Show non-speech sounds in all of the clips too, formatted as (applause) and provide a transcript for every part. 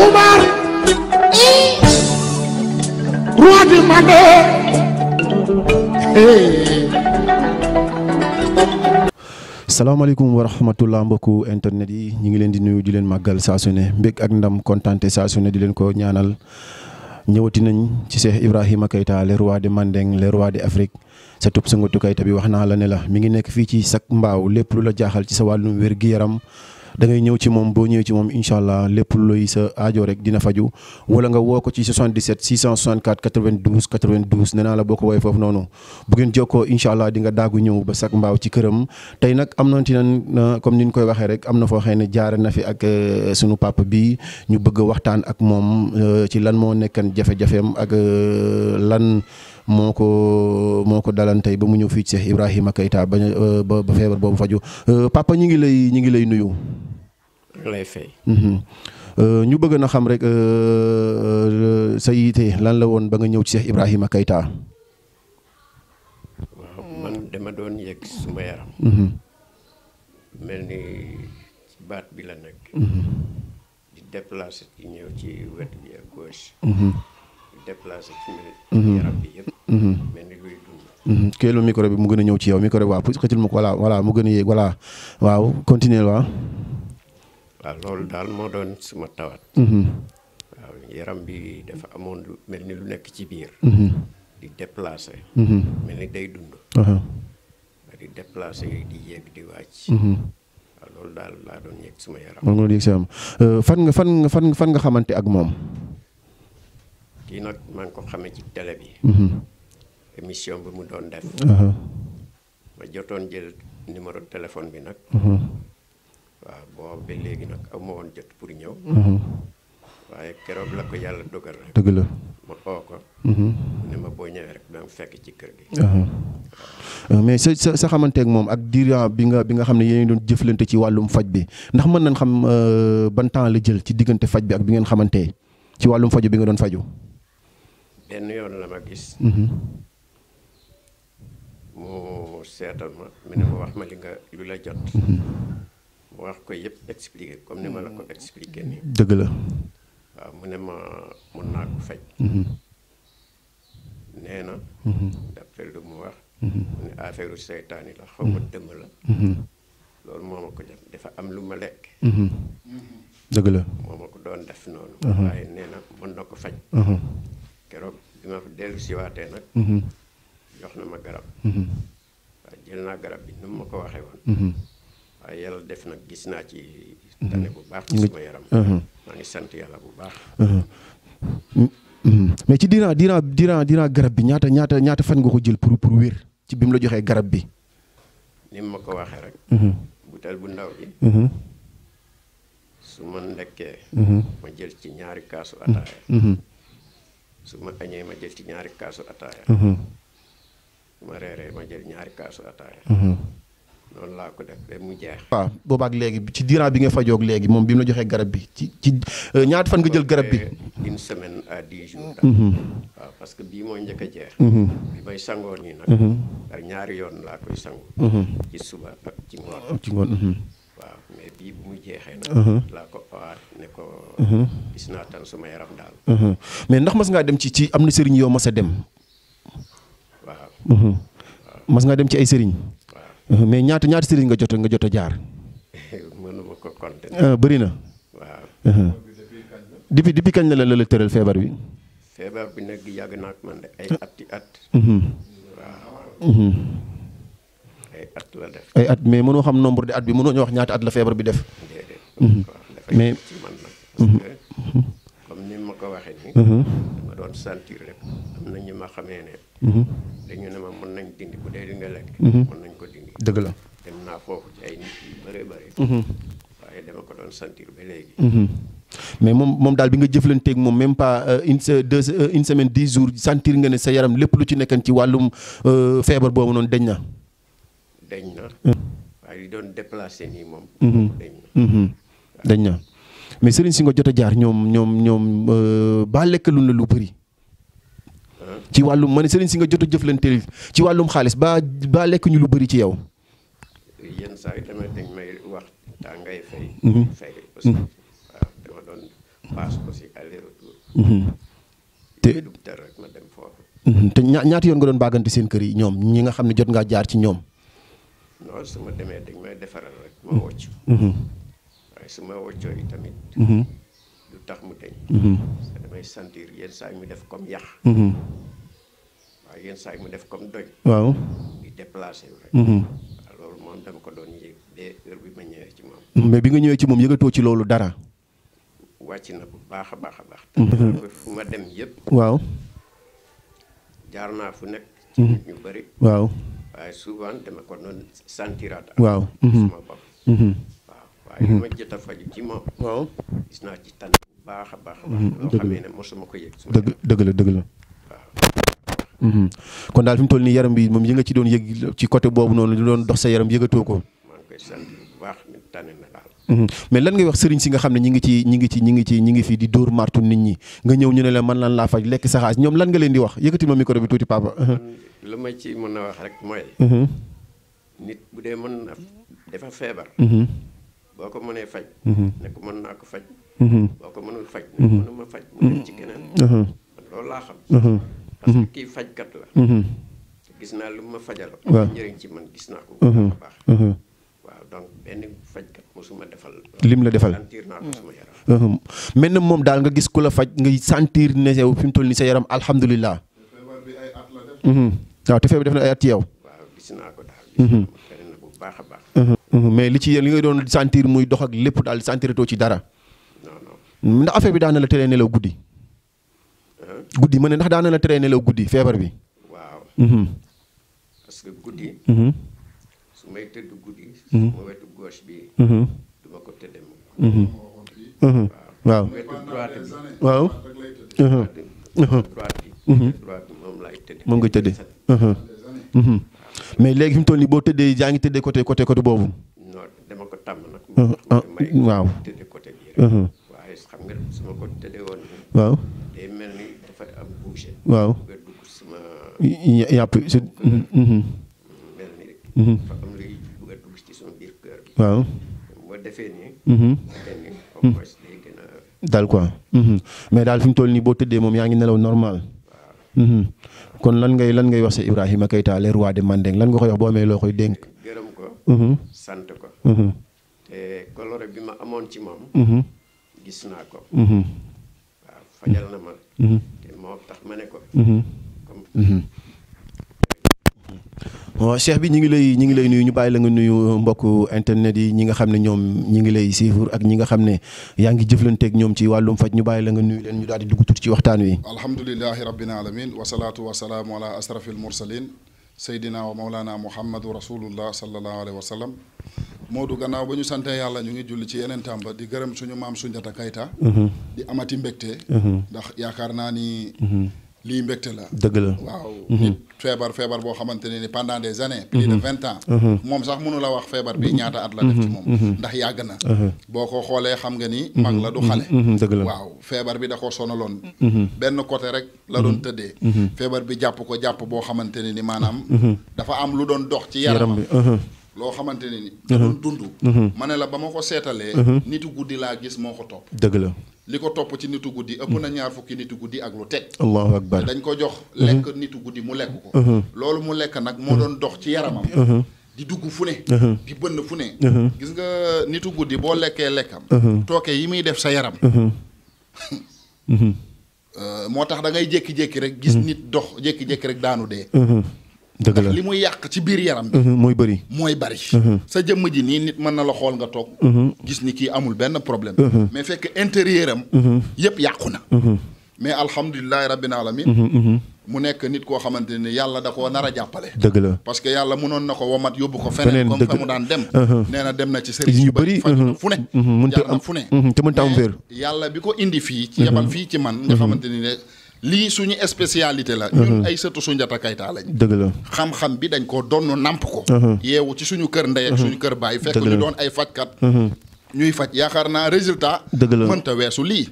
Omar roi du Mandé salaamaaleykum wa rahmatullah internet yi ñi ngi leen di nuyu di leen magal saa su ak ndam kontante saasune su di leen ko ñaanal ñewati nañ ci Cheikh Ibrahima kayta le roi de Mandeng le roi de Afrique sa tub sangatu Keita bi waxna la ne la mi ngi nekk fi ci sak mbaaw lepp lu la jaaxal ci sa walum yaram da ñëw ci moom boo ñëwee ci moom incha allah lépp luy sa aajo rek dina faju wala nga woo ko ci 77 664 92 92 nee naa la boo ko woowee foofu noonu bu ngeen jokkoo incha allah di nga daagu ñëw ba sax mbaaw ci këram tey nag am na ti nan comme ni ñu koy waxee rek am na foo xëy ne jaare na fi ak eh, sunu papa bi ñu bëgg waxtaan ak moom eh, ci lan moo nekkan jafe-jafeem ak eh, lan moko moko moo dalan tey ba mu ñëw fi ci ibrahim Ibrahima Keita ba euh, ba febar bobu faju euh, papa ñi ngi lay ñi ngi lay nuyu. lay fay. hmm ñu bëgg na xam rek sa yiite lan la won ba nga ñew ci Cheikh ibrahim Keita. waaw man dama doon yëg suma yaram. Mhm. mel ni baat bi la nek hmm di déplacer ci ñew ci wet bi ak gauche. hmm déplacé ci mhm. yaram mhm. mhm. bi mu gën a ñëw ci yow micro bi waaw pour xëccal ma ko voilà voilà mu gën a yéeg waaw continuer waaw. loolu daal moo doon suma tawat. yaram bi dafa amoon mel ni lu nekk ci biir. di déplacé. mel ni day dund. Uh-huh. di déplacé di yéeg di wàcc. waaw loolu daal laa doon yéeg suma yaram. moom nga doon yéeg sa yaram euh, fan nga fan nga fan nga xamante ak moom. kii nag maa ngi ko xamee ci télé bi. Mhm. émission bi mu doon def. Uh-huh. ma jotoon jël numéro téléphone bi nag. Uh-huh. waaw boo ba léegi nag aw ma woon jot pour ñëw. Uh-huh. keroog la ko yàlla dogal rek. ko. ne boo ñëwee rek dama ci kër uh, mais sa sa sa xamanteeg moom ak diiran bi nga bi nga xam ne yéen doon jëflante ci wàllum faj bi ndax mën nañ xam euh, ban temps la jël ci diggante faj bi ak bi ngeen xamante ci wàllum faju bi nga doon faju benn yoon la ma gis. Mm-hmm. mu seetal ma mu ne ma wax ma li nga lu la jot. Mm-hmm. mu wax ko yëpp expliqué comme ni ma la ko expliqué nii. dëgg la. waaw mu ne ma mun naa ko faj. Mm-hmm. nee na. d'après lu mu wax. mu ne affaire seytaan la xaw ma dëmm la. loolu moo ma ko dafa am lu ma lekk. dëgg la moo ma doon def noonu. waaye nee na mën na ko faj. dellu siwaatee nag mm-hmm. jox na ma garab mm-hmm. waaw jël naa garab bi nu ma ko waxee woon mm-hmm. waaye yàlla def nag gis naa ci tane bu baax ci sama yaram maa ngi sant yàlla bu baax mais ci diiraa diiraa diiraa diiraa garab bi ñaata ñaata ñaata fan nga ko jël pour pour wér ci bi mu la joxee garab bi ni ma ko waxee rek butel bu ndaw bi su ma ndekkee ma jël ci ñaari kaasu ataaya su ma añee ma jël ci ñaari kaasu ataaya mhm. ma reeree ma jël ñaari kaasu ataaya mhm. noonu laa ko def mu jeex. waaw boobaak léegi ci diiran bi nga fajoog léegi moom bi mu la garab bi ci ci euh, ñaata fan nga jël garab bi. semaine à dix jours. Mhm. waaw parce njëkk a jeex. sangoo nii nag. ñaari yoon laa koy sangu. suba ak ci ngoon. ci ngoon. waaw mais bii bu mu jeexee nag mhm. laa ko awaat ne ko gis mhm. naa tan suma yaram daal mhm. mais ndax mas ngaa dem ci ci am na sëriñ mas a dem waaw mas ngaa dem ci ay sëriñ waaw mais ñaata ñaata sëriñ nga jot nga jot a jaar (laughs) mënuma ko compter ah, bëri na waaw depuis depuis kañ la la la tëral feebar bi feebar bi nag yàgg naa ak man de ay ah. at waaw ay at la def. ay at mais mënoo xam nombre de at bi mënoo ñu wax ñaata at la feebar bi def. Mhm. mais mhm. Mhm. ma ko waxee nii. na ñu ma xamee ne. dañu ne ma mën nañ dindi bu dee li nga ko dindi. dëgg la dem naa foofu ci ay ko doon sentir ba léegi. mais moom moom daal bi nga jëflanteeg moom même pas euh, une se deux euh, une semaine dix jours sentir nga ne sa yaram lépp lu ci nekkan ci wàllum euh, feebar boobu noonu deñ na. dañ na mm. moom mm-hmm. dañ mm-hmm. na mais sëriñ si nga jot a jaar ñoom ñoom ñoom euh, ba lekkaluñ la lu bari ci wàllum man sëriñ si nga jot a jëflanteel ci wàllum xaalis baa baa lekk ñu lu bari ci yow yenn saa yi tamit dañ may wax daa ngay fay mm-hmm. fay parce que waaw dama doon paas aussi te dara yoon nga doon baagante seen kër yi ñoom ñi nga xam ne jot ngaa jaar ci ñoom non su ma demee dañ may defaral rek ma mm-hmm. wocc mm-hmm. waaye su ma woccoo yi tamit mm-hmm. du tax mu deñ damay sentir yenn saa yi def comme yax waaye yenn saa mu def comme doj waaw di déplacé loolu moom dama ko doon yëg dee heure bi ma ñëwee ci mais bi nga ñëwee ci moom yëgatoo ci loolu dara wàcc na bu baax a baax a baax fu ma dem yëpp waaw jaar naa fu nekk ñu bëri waaw waaye souvent dama ko noonu santiraat waaw sama mhm. bopp mhm. Mhm. ma jot a faju ci moom naa ci tànn bu baax a baax a baax loo xamee ne mosuma ko yëg dëgg dëgg la dëgg la waaw kon daal fi mu toll nii yaram bi moom yi nga ci doon yëg ci côté boobu noonu li doon dox sa yaram yëgatoo ko maa ngi koy bu baax mi tànn Mhm. mais lan ngay wax sëriñ si nga xam ne ñi ngi ci ñi ngi ci ñi ngi ci ñi ngi fi di door martu nit ñi nga ñëw ñu ne la man lan laa faj lekk saxaas ñoom lan nga leen di wax yëkkati ma micro bi tuuti papa. Mhm. lu ma ci mën a wax rek mooy. Mhm. nit bu dee mën na dafa feebar. boo ko mënee faj. ne ko mën naa ko faj. boo ko mënul faj. ne mënuma faj mu dem ci keneen. loolu laa xam. parce que kii fajkat la. gis naa lu ma fajal. waaw ci man gis naa ko. bu baax waaw donc benn fajkat. mosuma defal. lim la defal sentir naa ko sama yaram. moom daal nga gis ku la faj ngay sentir ne yow fi mu toll nii sa yaram alhamdulilah. feebar bi def. waaw te feebar def na ay at yow. baax a baax. mais li ci yéen li nga doon santiir muy dox lépp daal sentir too ci dara. non ndax affaire bi daan na la teree nelaw guddi. guddi ma ne ndax daan na la teree nelaw guddi feebar bi. su may tëdd guddi. Mhm. ma wetu gauche bi. Mhm. du ma ko tëddee moom. Mhm. waaw wetu waaw. droite bi. droite bi léegi fi mu toll nii boo tëddee yaa ngi tëddee côté côté côté boobu. non dama ko tàmm nag. Ah, waaw tëddee côté rek. waaye xam nga waaw waaw waaw. boo defee nii. Mhm. Mhm. daal quoi. Mhm. mais daal fi mu toll nii boo tëddee moom yaa ngi nelaw normal. kon lan ngay lan ngay wax sa Ibrahima Keita le roi de Mandeng lan nga koy wax boo amee loo koy dénk. gërëm ko. sant ko. te coloré bi ma amoon ci moom. gis naa ko. waaw cheikh bi ñi ngi lay ñi ngi lay nuyu ñu bàyyi la nga nuyu mbokk internet yi ñi nga xam ne ñoom ñi ngi lay suivre ak ñi nga xam ne yaa ngi jëflanteeg ñoom ci wàllum faj ñu bàyyi la nga nuyu leen ñu daal di dugg tur ci waxtaan wi alhamdulilahi rabbil alamin wasalaatu wasalaamu ala asrafil mursalin saydina wa maulana muhammadu rasulullah sallallahu alayhi wa sallam Modou gannaaw ba ñu sante yàlla ñu ngi julli ci yeneen tàmba di gërëm suñu maam Sunjata Kayta mhm. di amati mbégte mhm. ndax yaakaar naa ni mhm. lii mbégte la. dëgg la waaw. Mhm. nit feebar feebar boo xamante ne ni pendant des années. plus de mhm. vingt ans. Mhm. moom sax mënu la wax feebar bi ñaata at la moom. ndax yàgg na. boo ko xoolee xam nga ni. mag la du xale. dëgg la waaw feebar bi da koo sonaloon. benn côté rek la doon tëddee. feebar bi jàpp ko jàpp boo xamante ne ni maanaam. dafa am lu doon dox ci yaram bi. loo xamante ne ni. da doon dund. ma ne la ba ma ko seetalee. nitu guddi laa gis moo ko topp. dëgg la. li ko topp ci nitu guddi ëpp na ñaar fukki nitu guddi ak lu teg allahu akbar dañ ko jox mhm. lekk nitu guddi mu lekk ko mhm. loolu mu lekk nag moo doon dox ci yaramam mhm. di dugg fu ne di bënn fu ne gis nga nitu guddi boo lekkee lekkam tooke yi muy def sa yaram (laughs) euh, moo tax da ngay jékki-jékki rek gis nit dox jékki-jékki rek daanu dee dëgg la li muy yàq ci biir yaram bi mhm, mooy bëri mooy bëri mhm. sa jëmm ji nii nit mën na la xool nga toog mhm. gis ni kii amul benn problème mais fekk intérieur am yàqu na mais alhamdulilahi rabbil alamin mu nekk nit koo xamante ne yàlla da koo nar a jàppale dëgg la parce que yàlla mënoon na ko womat yóbbu ko feneen comme fa mu daan dem nee na dem na ci sëriñ yu fu ne mënta am fu ne te mënta am wér yàlla bi ko indi fii ci yabal fii ci man nga xamante lii suñu spécialité la. ñun mhm. ay sëtu Soundiata Keita lañ. dëgg la xam-xam bi dañ ko doon namp ko. Mhm. yeewu ci suñu kër ndey ak mhm. suñu kër baay. fekk ñu doon ay fajkat. ñuy faj yaakaar naa résultat. dëgg la mënta weesu lii.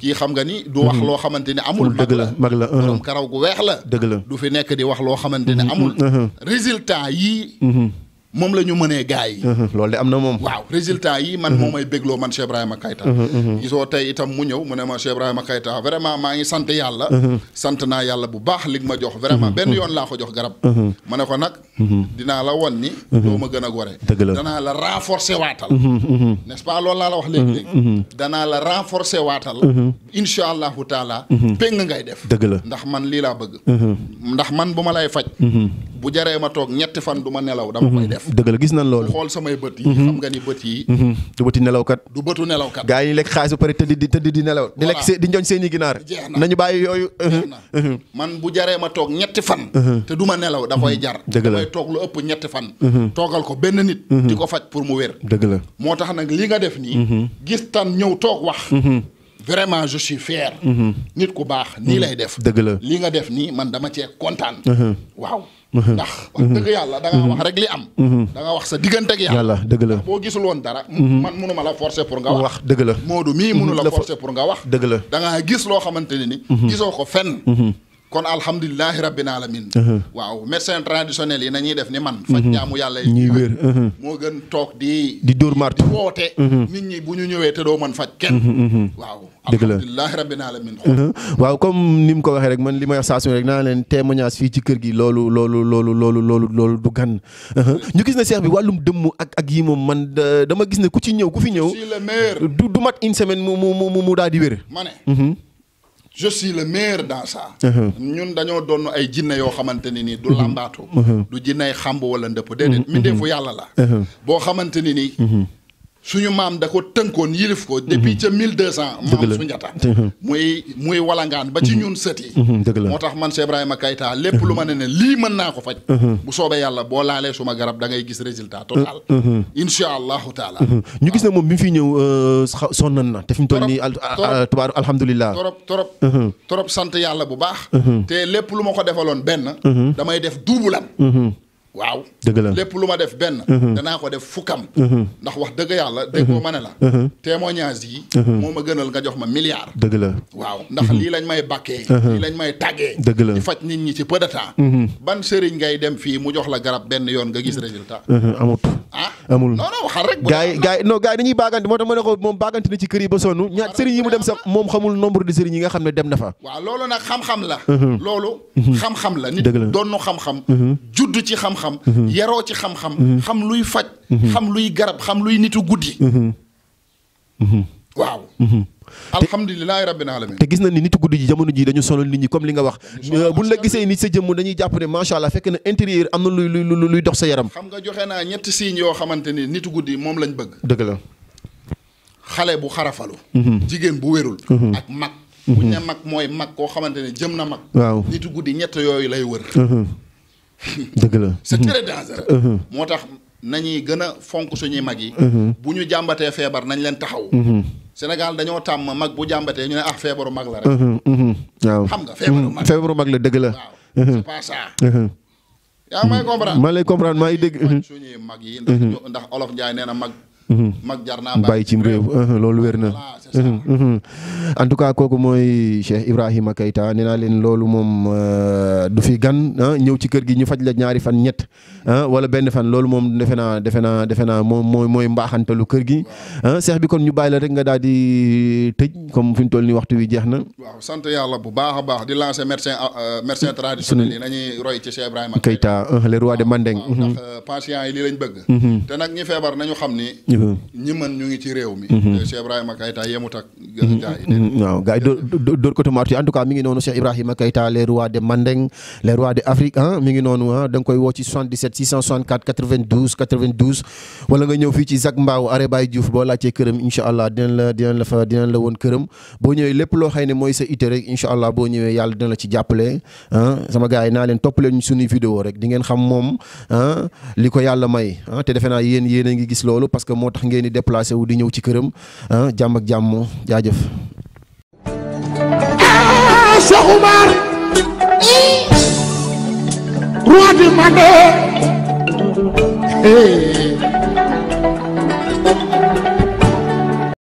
kii xam nga ni du wax loo xamante ni amul. dëgg la mag la borom karaw gu weex la. dëgg la du fi nekk di wax loo xamante ne amul. résultat yii. moom la ñu mënee gars yi. Mhm, loolu de am na moom. waaw résultat yi man mhm. moom may bégloo man a Ibrahima Keita. Mhm, gisoo tey itam mu ñëw mu ne ma Cheikh Ibrahima Keita vraiment maa ngi sant yàlla. sant naa yàlla bu baax li ma jox. vraiment benn yoon laa ko jox garab. ma ne ko nag. dinaa la won ni. doo ma gën a gore. dëgg la danaa la renforcer waatal. n'est-ce pas loolu laa la wax léegi. danaa la renforcer waatal. incha allahu taala. peng ngay def. dëgg la ndax man lii laa bëgg. ndax bu jaree ma toog ñetti fan du ma nelaw dama mhm. koy def dëgg la gis nañ loolu xool samay bët yi mhm. xam nga ni bët yi mhm. du bëti nelawkat du bëtu nelawkat gaa yi lekk xaalis ba pare tëdd di tëdd di nelaw di lekk di njoñ seen i ginaar nañu bàyyi yooyu man bu jaree ma toog ñetti fan te du ma nelaw da koy jar dëgg la damay toog lu ëpp ñetti fan toogal ko benn nit di ko faj pour mu wér dëgg la moo tax nag li nga def nii gis tan ñëw toog wax vraiment je suis fier nit ku baax nii lay def dëgg la li nga def nii man dama cee kontaan Mhm. ndax wax mhm. dëgg yàlla da ngaa mhm. wax rek li am da nga wax sa diggante ak yàlla dëgg la boo gisul woon dara man munu ma la forcer pour nga wax dëgg la Modou mii munu la forcer pour nga wax dëgg la da ngaa gis loo xamante ne ni gisoo ko fenn kon alhamdulilahi rabbil alamin uh-huh. waaw médecin traditionnel yi nañuy def ni man faj uh-huh. yàlla yi ñuy wér uh-huh. moo gën toog di di dóor martu ñi bu ñu ñëwee te doo faj kenn waaw alhamdulilahi rabbil alamin waaw comme ni mu ko waxee rek man li may wax saa rek naa leen témoignage fii ci kër gi loolu loolu loolu loolu loolu loolu du gan ñu gis ne seex bi wàllum dëmm ak ak yi moom man dama gis ne ku ci ñëw ku fi ñëw du du mat une semaine mu mu mu mu daal di wér ma je suis le meilleur dans ça. Uh-huh. ñun dañoo doon ay jinne yoo xamante ne ni du uh-huh. làmbaatu. Uh-huh. du jinnay xamb wala ndëpp déedéet. mbindeefu yàlla la. boo xamante nii. suñu maam da ko tënkoon yilif ko. depuis mhm. ca mille deux cent. maam Sunjata mhm. muy muy walangaan ba ci mhm. ñun sët yi. moo tax man Cheikh kay Keita lépp lu ma ne ne lii mën naa ko faj. bu soobee yàlla boo laalee suma garab da ngay gis résultat total. incha allahu taala. ñu gis ne moom bi mu fi ñëw euh, sonnan na te fi mu toll nii. tubaar alhamdulilah. torop torop torop sant yàlla bu baax. te lépp lu ma ko defaloon benn. damay def duubulam. waaw dëgg la lépp lu ma def benn mhm. danaa ko def fukkam mhm. ndax wax dëgg yàlla déggoo ma ne la mhm. témoignage yi ma gënal nga jox ma milliard dëgg la waaw ndax lii lañ may bàkkee lii la di faj nit ñi ci peu de temps ban sëriñ jox la garab benn yoon nga gis résultat amut ah amul non non waxal rek gars yi gars yi non moom ba sonn ñaat sëriñ yi mu dem sax moom xamul nombre de sëriñ yi nga xam ne dem na fa waaw loolu nag xam-xam la loolu xam-xam la nit doon nu xam-xam judd ci xam xam-xam mhm. yaroo ci xam-xam mhm. xam luy faj mhm. xam luy garab xam luy nitu guddi waaw alhamdulilahi rabbil alamin te gis na ni nitu guddi ji jamono ji dañu solo nit ñi comme li nga wax euh, buñ la gisee nit sa jëmm dañuy jàpp ne macha allah fekk na intérieur am na luy luy dox sa yaram xam nga joxe naa ñett signes yoo xamante ni nitu guddi moom lañ bëgg dëgg la xale bu xarafalu jigéen bu wérul ak mag bu ne mag mooy mag koo xamante ne jëm na mag nitu guddi ñett yooyu lay wër dëgg la c'est mhm. très dangereux. Mhm. moo tax nañuy gën a fonk suñuy mag yi. Mhm. bu ñu jàmbatee feebar nañ leen taxaw. Sénégal dañoo tàmm mag bu jàmbatee ñu ne ah feebaru mag la rek. waaw feebaru mag la dëgg la. waaw c'est pas ça. yaa may comprendre maa lay dégg. mag yi. ndax olof Ndiaye nee na mag. mag jar naa loolu wér na en tout cas kooku mooy Cheikh Ibrahima Keita nee naa leen loolu moom euh, du fi gan ah, ñëw ci kër gi ñu faj la ñaari fan ñett ah, wala benn fan loolu moom defe naa defe naa defe naa moom mooy mooy mbaaxantalu kër gi ah, Cheikh bi kon ñu bàyyi la rek nga daal di tëj comme fi mu toll nii waxtu wi jeex na. waaw sant bu baax a baax di lancé médecin euh, médecin traditionnel yi nañuy roy ci Cheikh Ibrahima Keita uh, le roi de Mandeng ndax euh, patients yi lii te nag ñi feebar nañu xam ni ñi ñu ngi ci réew mi. Mhm. Cheikh Ibrahima Keita yemut ak. gaa yi mhm. ngi noonu Cheikh Ibrahima Keita les rois de Mandeng les rois de Afrique ah ngi noonu ah da nga koy woo ci 77 664 92 92. wala nga ñëw fii ci Zac Mbao arrêt Baye Diouf boo laajtee këram incha allah dinañ la dinañ la fa dinañ la woon këram boo ñëwee lépp loo xëy mooy sa ité rek incha allah boo ñëwee yàlla dina la ci jàppale sama gaa yi naa leen topp leen suñuy vidéo rek di xam moom li ko yàlla may te defe naa yéen yéen a ngi gis loolu moo tax ngeen di déplacé wu di ñëw ci këram ah, jàmm ak jàmm jaajëf. Ah, Cheikh Oumar roi du Mandé